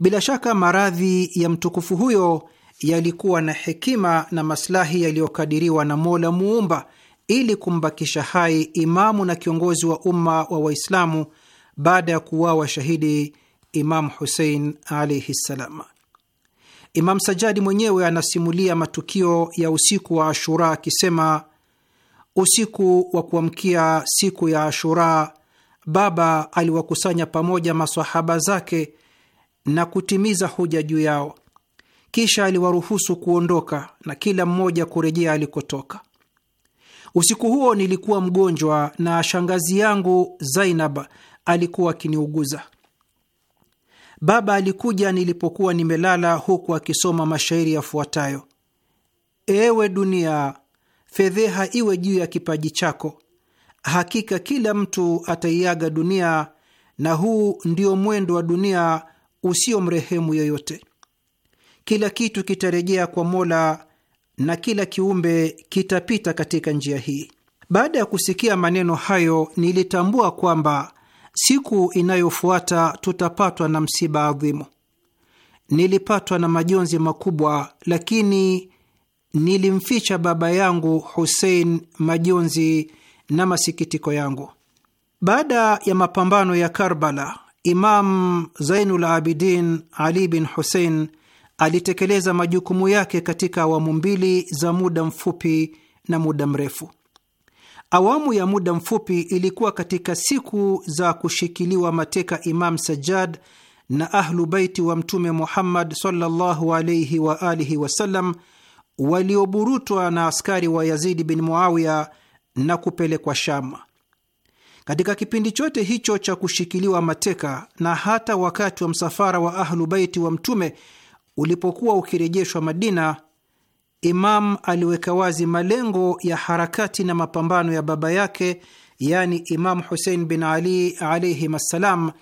Bila shaka maradhi ya mtukufu huyo yalikuwa na hekima na maslahi yaliyokadiriwa na Mola Muumba ili kumbakisha hai imamu na kiongozi wa umma wa Waislamu baada ya kuuawa shahidi Imam Husein alaihi ssalam. Imam Sajadi mwenyewe anasimulia matukio ya usiku wa Ashura akisema, usiku wa kuamkia siku ya Ashura, baba aliwakusanya pamoja masahaba zake na kutimiza hoja juu yao, kisha aliwaruhusu kuondoka na kila mmoja kurejea alikotoka. Usiku huo nilikuwa mgonjwa na shangazi yangu Zainab alikuwa akiniuguza. Baba alikuja nilipokuwa nimelala, huku akisoma mashairi yafuatayo: ewe dunia, fedheha iwe juu ya kipaji chako, hakika kila mtu ataiaga dunia, na huu ndio mwendo wa dunia usio mrehemu yoyote. Kila kitu kitarejea kwa Mola na kila kiumbe kitapita katika njia hii. Baada ya kusikia maneno hayo, nilitambua kwamba Siku inayofuata tutapatwa na msiba adhimu. Nilipatwa na majonzi makubwa, lakini nilimficha baba yangu Husein majonzi na masikitiko yangu. Baada ya mapambano ya Karbala, Imam Zainul Abidin Ali bin Husein alitekeleza majukumu yake katika awamu mbili za muda mfupi na muda mrefu. Awamu ya muda mfupi ilikuwa katika siku za kushikiliwa mateka Imam Sajjad na Ahlu Baiti wa Mtume Muhammad sallallahu wa alihi wasallam walioburutwa na askari wa Yazidi bin Muawiya na kupelekwa sham Katika kipindi chote hicho cha kushikiliwa mateka na hata wakati wa msafara wa Ahlu Baiti wa Mtume ulipokuwa ukirejeshwa Madina, Imam aliweka wazi malengo ya harakati na mapambano ya baba yake, yaani Imam Husein bin Ali alaihim assalam,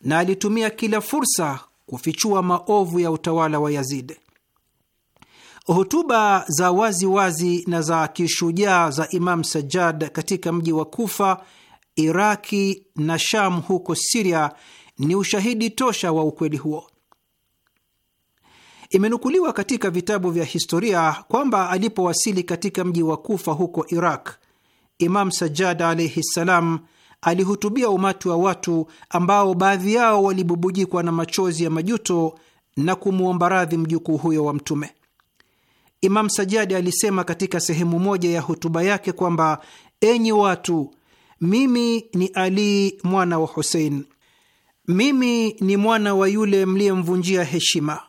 na alitumia kila fursa kufichua maovu ya utawala wa Yazid. Hotuba za wazi wazi na za kishujaa za Imam Sajjad katika mji wa Kufa, Iraki na Sham huko Siria ni ushahidi tosha wa ukweli huo. Imenukuliwa katika vitabu vya historia kwamba alipowasili katika mji wa Kufa huko Iraq, Imam Sajjad alaihi ssalam alihutubia umati wa watu ambao baadhi yao walibubujikwa na machozi ya majuto na kumwomba radhi mjukuu huyo wa Mtume. Imam Sajadi alisema katika sehemu moja ya hutuba yake kwamba enyi watu, mimi ni Ali mwana wa Husein, mimi ni mwana wa yule mliyemvunjia heshima,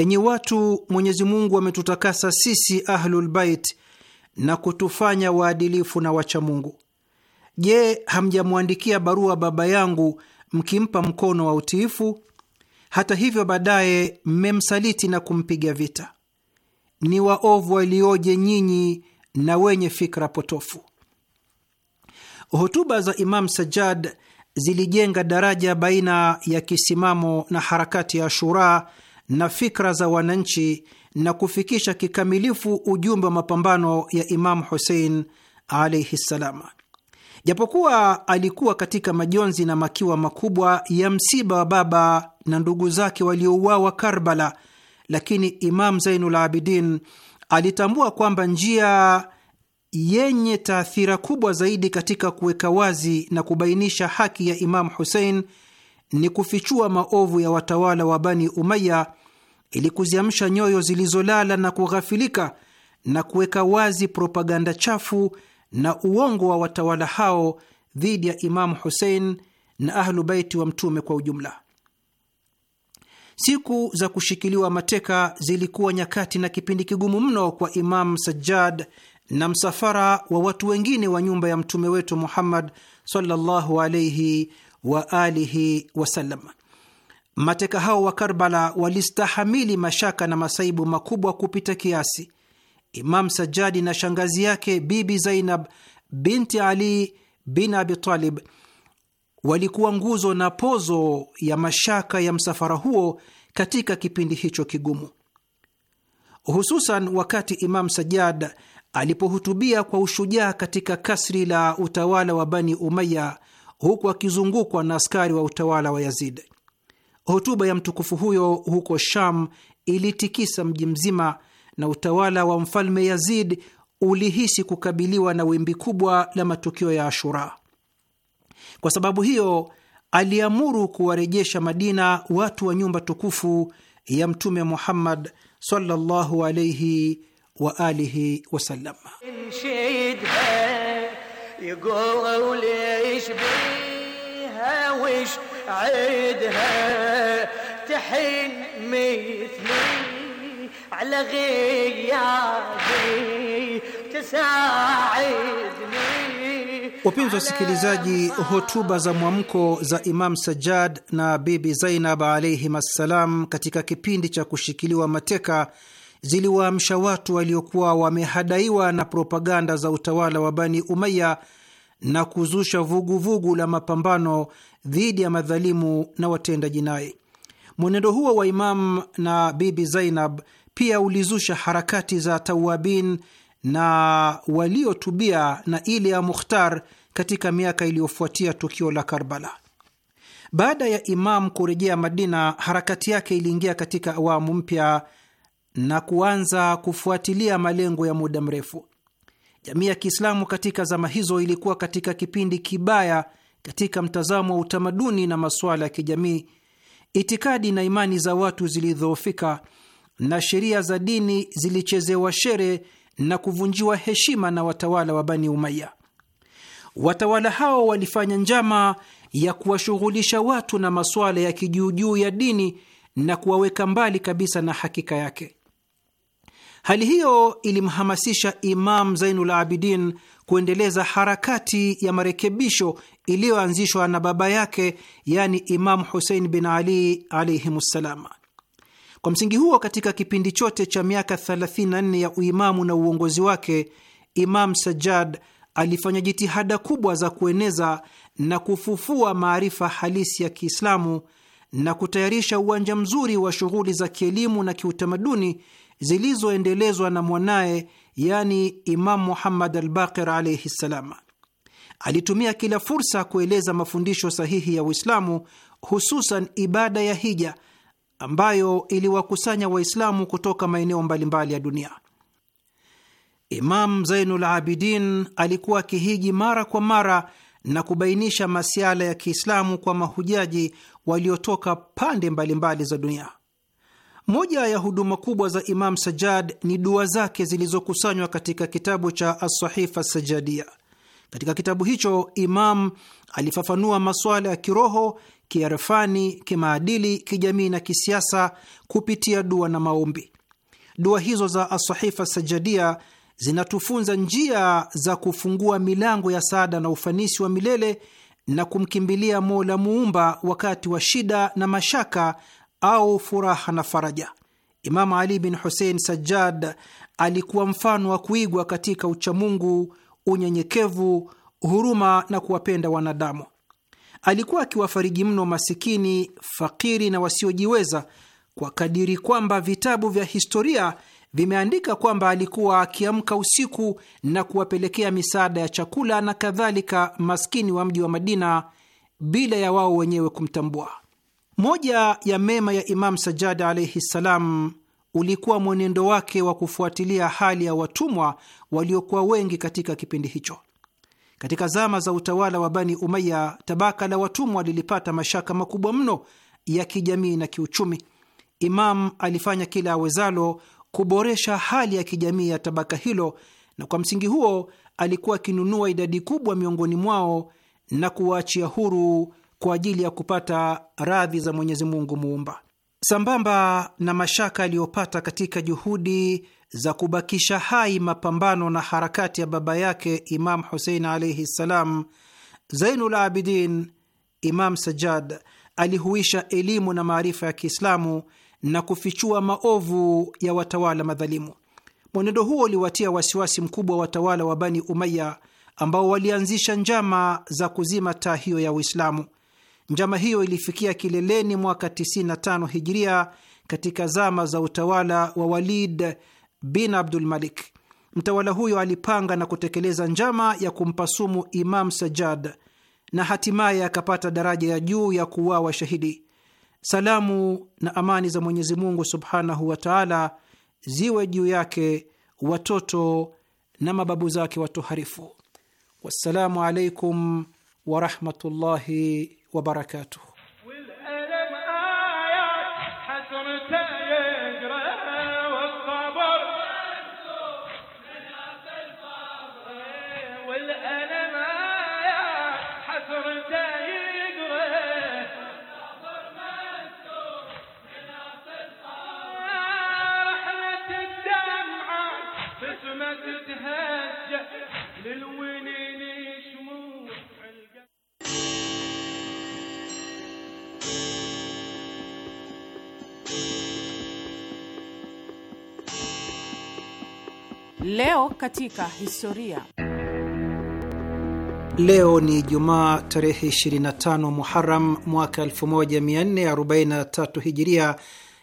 Enyi watu, Mwenyezi Mungu ametutakasa sisi Ahlulbait na kutufanya waadilifu na wacha Mungu. Je, hamjamwandikia barua baba yangu mkimpa mkono wa utiifu? Hata hivyo baadaye mmemsaliti na kumpiga vita. Ni waovu walioje nyinyi na wenye fikra potofu! Hotuba za Imam Sajjad zilijenga daraja baina ya kisimamo na harakati ya shuraa na fikra za wananchi na kufikisha kikamilifu ujumbe wa mapambano ya Imamu Husein alaihi ssalam. Japokuwa alikuwa katika majonzi na makiwa makubwa ya msiba wa baba na ndugu zake waliouawa Karbala, lakini Imam Zainul Abidin alitambua kwamba njia yenye taathira kubwa zaidi katika kuweka wazi na kubainisha haki ya Imamu Husein ni kufichua maovu ya watawala wa Bani Umaya ili kuziamsha nyoyo zilizolala na kughafilika na kuweka wazi propaganda chafu na uongo wa watawala hao dhidi ya Imamu Husein na Ahlu Baiti wa Mtume kwa ujumla. Siku za kushikiliwa mateka zilikuwa nyakati na kipindi kigumu mno kwa Imamu Sajjad na msafara wa watu wengine wa nyumba ya mtume wetu Muhammad sallallahu alaihi wa alihi wasallam. Mateka hao wa Karbala walistahamili mashaka na masaibu makubwa kupita kiasi. Imam Sajadi na shangazi yake Bibi Zainab binti Ali bin Abi Talib walikuwa nguzo na pozo ya mashaka ya msafara huo katika kipindi hicho kigumu, hususan wakati Imam Sajad alipohutubia kwa ushujaa katika kasri la utawala wa Bani Umaya, huku akizungukwa na askari wa utawala wa Yazid. Hotuba ya mtukufu huyo huko Sham ilitikisa mji mzima na utawala wa mfalme Yazid ulihisi kukabiliwa na wimbi kubwa la matukio ya Ashura. Kwa sababu hiyo, aliamuru kuwarejesha Madina watu wa nyumba tukufu ya Mtume Muhammad sallallahu alayhi wa alihi wasallam. عيدها تحين مثلي على غيابي تساعدني. Wapenzi wasikilizaji, hotuba za mwamko za Imam Sajjad na Bibi Zainab alaihim assalam katika kipindi cha kushikiliwa mateka ziliwaamsha watu waliokuwa wamehadaiwa na propaganda za utawala wa Bani Umaya na kuzusha vuguvugu vugu la mapambano dhidi ya madhalimu na watenda jinai. Mwenendo huo wa Imam na Bibi Zainab pia ulizusha harakati za tawabin na waliotubia na ile ya Mukhtar katika miaka iliyofuatia tukio la Karbala. Baada ya Imam kurejea Madina, harakati yake iliingia katika awamu mpya na kuanza kufuatilia malengo ya muda mrefu. Jamii ya Kiislamu katika zama hizo ilikuwa katika kipindi kibaya katika mtazamo wa utamaduni na masuala ya kijamii, itikadi na imani za watu zilidhoofika na sheria za dini zilichezewa shere na kuvunjiwa heshima na watawala wa Bani Umaya. Watawala hao walifanya njama ya kuwashughulisha watu na masuala ya kijuujuu ya dini na kuwaweka mbali kabisa na hakika yake. Hali hiyo ilimhamasisha Imam Zainul Abidin kuendeleza harakati ya marekebisho iliyoanzishwa na baba yake, yani imam Husein bin Ali alaihimussalam. Kwa msingi huo, katika kipindi chote cha miaka 34 ya uimamu na uongozi wake, Imam Sajjad alifanya jitihada kubwa za kueneza na kufufua maarifa halisi ya Kiislamu na kutayarisha uwanja mzuri wa shughuli za kielimu na kiutamaduni zilizoendelezwa na mwanaye, yani Imam Muhammad Albaqir alaihi ssalam. Alitumia kila fursa kueleza mafundisho sahihi ya Uislamu, hususan ibada ya hija ambayo iliwakusanya Waislamu kutoka maeneo mbalimbali ya dunia. Imam Zainul Abidin alikuwa akihiji mara kwa mara na kubainisha masiala ya Kiislamu kwa mahujaji waliotoka pande mbalimbali za dunia. Moja ya huduma kubwa za Imam Sajjad ni dua zake zilizokusanywa katika kitabu cha Asahifa Sajadia. Katika kitabu hicho Imam alifafanua masuala ya kiroho, kiarfani, kimaadili, kijamii na kisiasa kupitia dua na maombi. Dua hizo za Asahifa Sajadia zinatufunza njia za kufungua milango ya saada na ufanisi wa milele na kumkimbilia Mola Muumba wakati wa shida na mashaka au furaha na faraja. Imamu Ali bin Husein Sajjad alikuwa mfano wa kuigwa katika uchamungu, unyenyekevu, huruma na kuwapenda wanadamu. Alikuwa akiwafariji mno masikini, fakiri na wasiojiweza, kwa kadiri kwamba vitabu vya historia vimeandika kwamba alikuwa akiamka usiku na kuwapelekea misaada ya chakula na kadhalika maskini wa mji wa Madina bila ya wao wenyewe kumtambua. Moja ya mema ya Imam Sajjad alaihi ssalam ulikuwa mwenendo wake wa kufuatilia hali ya watumwa waliokuwa wengi katika kipindi hicho. Katika zama za utawala wa Bani Umaya, tabaka la watumwa lilipata mashaka makubwa mno ya kijamii na kiuchumi. Imam alifanya kila awezalo kuboresha hali ya kijamii ya tabaka hilo, na kwa msingi huo alikuwa akinunua idadi kubwa miongoni mwao na kuwaachia huru kwa ajili ya kupata radhi za Mwenyezi Mungu Muumba, sambamba na mashaka aliyopata katika juhudi za kubakisha hai mapambano na harakati ya baba yake Imam Husein alaihi ssalam. Zainul Abidin Imam Sajjad alihuisha elimu na maarifa ya Kiislamu na kufichua maovu ya watawala madhalimu. Mwenendo huo uliwatia wasiwasi mkubwa watawala wa Bani Umaya ambao walianzisha njama za kuzima taa hiyo ya Uislamu. Njama hiyo ilifikia kileleni mwaka 95 hijiria katika zama za utawala wa Walid bin Abdul Malik. Mtawala huyo alipanga na kutekeleza njama ya kumpa sumu Imam Sajjad na hatimaye akapata daraja ya juu ya kuuawa shahidi. Salamu na amani za Mwenyezi Mungu subhanahu wa taala ziwe juu yake, watoto na mababu zake watoharifu. Wassalamu alaikum warahmatullahi wa Leo katika historia. Leo ni Jumaa tarehe 25 Muharam mwaka 1443 Hijiria,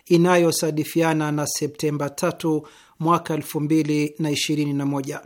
inayosadifiana na Septemba 3 mwaka 2021.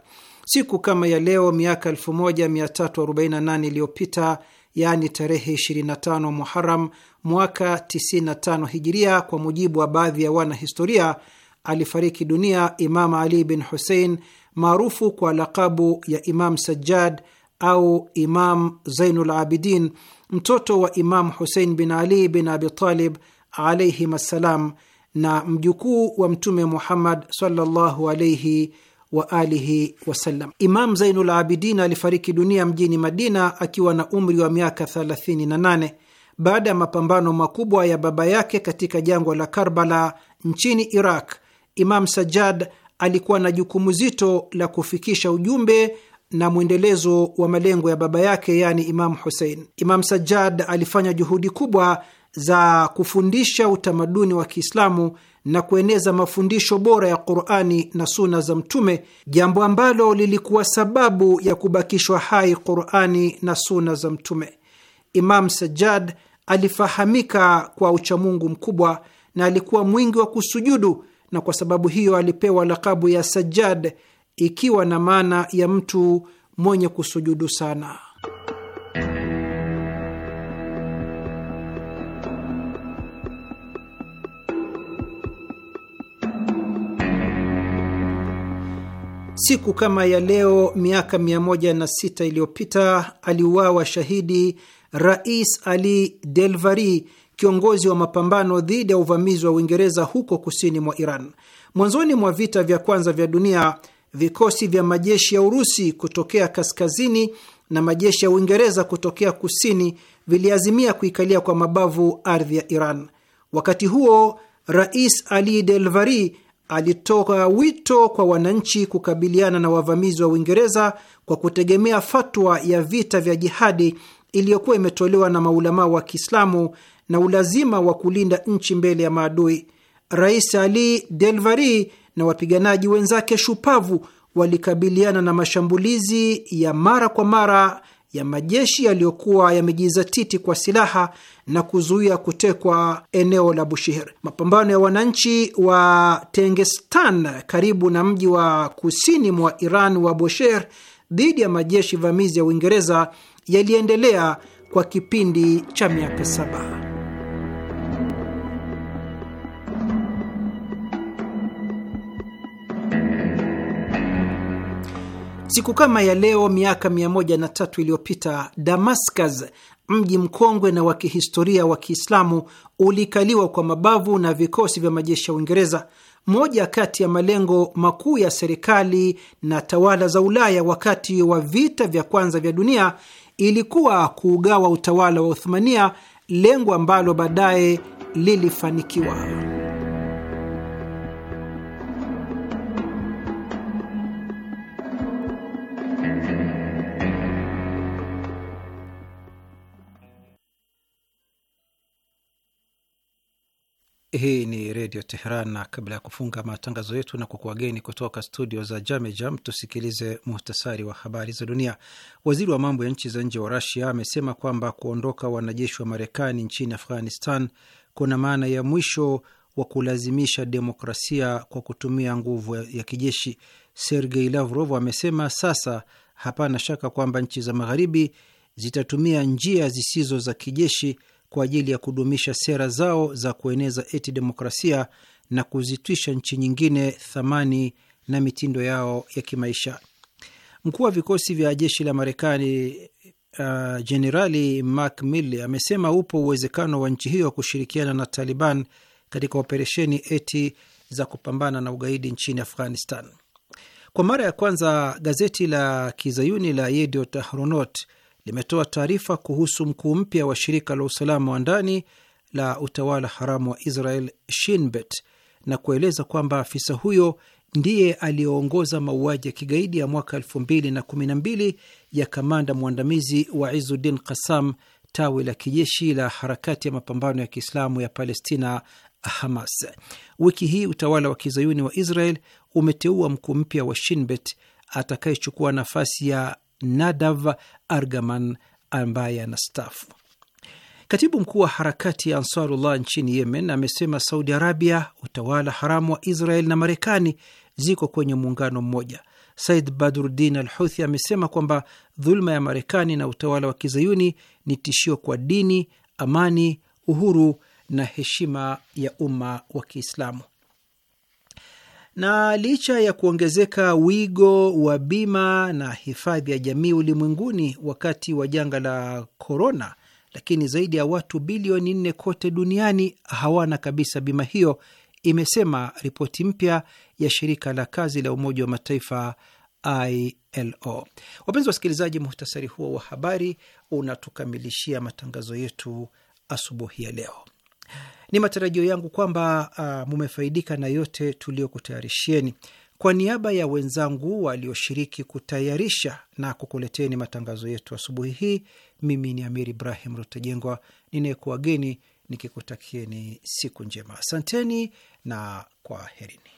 Siku kama ya leo miaka 1348 iliyopita, yaani tarehe 25 Muharam mwaka 95 Hijiria, kwa mujibu wa baadhi ya wanahistoria alifariki dunia Imam Ali bin Husein maarufu kwa lakabu ya Imam Sajjad au Imam Zainul Abidin, mtoto wa Imam Husein bin Ali bin Abitalib alaihim assalam, na mjukuu wa Mtume Muhammad sallallahu alaihi wa alihi wasallam. Imam Zainul Abidin alifariki dunia mjini Madina akiwa na umri wa miaka 38 baada ya mapambano makubwa ya baba yake katika jangwa la Karbala nchini Iraq Imam Sajjad alikuwa na jukumu zito la kufikisha ujumbe na mwendelezo wa malengo ya baba yake, yani Imam Husein. Imam Sajjad alifanya juhudi kubwa za kufundisha utamaduni wa Kiislamu na kueneza mafundisho bora ya Qurani na suna za Mtume, jambo ambalo lilikuwa sababu ya kubakishwa hai Qurani na suna za Mtume. Imam Sajjad alifahamika kwa uchamungu mkubwa na alikuwa mwingi wa kusujudu na kwa sababu hiyo alipewa lakabu ya Sajjad, ikiwa na maana ya mtu mwenye kusujudu sana. Siku kama ya leo miaka 16 iliyopita aliuawa shahidi Rais Ali Delvari, kiongozi wa mapambano dhidi ya uvamizi wa Uingereza huko kusini mwa Iran. Mwanzoni mwa vita vya kwanza vya dunia, vikosi vya majeshi ya Urusi kutokea kaskazini na majeshi ya Uingereza kutokea kusini viliazimia kuikalia kwa mabavu ardhi ya Iran. Wakati huo, Rais Ali Delvari alitoa wito kwa wananchi kukabiliana na wavamizi wa Uingereza kwa kutegemea fatwa ya vita vya jihadi iliyokuwa imetolewa na maulamaa wa Kiislamu na ulazima wa kulinda nchi mbele ya maadui. Rais Ali Delvari na wapiganaji wenzake shupavu walikabiliana na mashambulizi ya mara kwa mara ya majeshi yaliyokuwa yamejizatiti kwa silaha na kuzuia kutekwa eneo la Bushehr. Mapambano ya wananchi wa Tengestan karibu na mji wa kusini mwa Iran wa Bushehr dhidi ya majeshi vamizi ya Uingereza yaliendelea kwa kipindi cha miaka saba. Siku kama ya leo miaka 13 iliyopita Damascus, mji mkongwe na wa kihistoria wa Kiislamu, ulikaliwa kwa mabavu na vikosi vya majeshi ya Uingereza. Moja kati ya malengo makuu ya serikali na tawala za Ulaya wakati wa vita vya kwanza vya dunia ilikuwa kuugawa utawala wa Uthmania, lengo ambalo baadaye lilifanikiwa. Hii ni Redio Teheran, na kabla ya kufunga matangazo yetu na kukuwageni kutoka studio za Jamejam, tusikilize muhtasari wa habari za dunia. Waziri wa mambo ya nchi za nje wa Rasia amesema kwamba kuondoka wanajeshi wa Marekani nchini Afghanistan kuna maana ya mwisho wa kulazimisha demokrasia kwa kutumia nguvu ya kijeshi. Sergei Lavrov amesema sasa hapana shaka kwamba nchi za Magharibi zitatumia njia zisizo za kijeshi kwa ajili ya kudumisha sera zao za kueneza eti demokrasia na kuzitwisha nchi nyingine thamani na mitindo yao ya kimaisha. Mkuu wa vikosi vya jeshi la Marekani uh, jenerali uh, Mark Milley amesema upo uwezekano wa nchi hiyo kushirikiana na Taliban katika operesheni eti za kupambana na ugaidi nchini Afghanistan. Kwa mara ya kwanza gazeti la kizayuni la Yediot Ahronot limetoa taarifa kuhusu mkuu mpya wa shirika la usalama wa ndani la utawala haramu wa Israel Shinbet na kueleza kwamba afisa huyo ndiye aliyeongoza mauaji ya kigaidi ya mwaka 2012 ya kamanda mwandamizi wa Izuddin Qassam, tawi la kijeshi la harakati ya mapambano ya Kiislamu ya Palestina, Hamas. Wiki hii utawala wa kizayuni wa Israel umeteua mkuu mpya wa Shinbet atakayechukua nafasi ya Nadav Argaman ambaye anastafu Katibu mkuu wa harakati ya Ansarullah nchini Yemen amesema Saudi Arabia, utawala haramu wa Israel na Marekani ziko kwenye muungano mmoja. Said Badruddin al Houthi amesema kwamba dhuluma ya Marekani na utawala wa kizayuni ni tishio kwa dini, amani, uhuru na heshima ya umma wa Kiislamu. Na licha ya kuongezeka wigo wa bima na hifadhi ya jamii ulimwenguni wakati wa janga la korona, lakini zaidi ya watu bilioni nne kote duniani hawana kabisa bima hiyo, imesema ripoti mpya ya shirika la kazi la Umoja wa Mataifa ILO. Wapenzi wa wasikilizaji, muhtasari huo wa habari unatukamilishia matangazo yetu asubuhi ya leo. Ni matarajio yangu kwamba uh, mumefaidika na yote tuliyokutayarishieni. Kwa niaba ya wenzangu walioshiriki kutayarisha na kukuleteni matangazo yetu asubuhi hii, mimi ni Amir Ibrahim Rutajengwa ninayekuwageni nikikutakieni siku njema. Asanteni na kwaherini.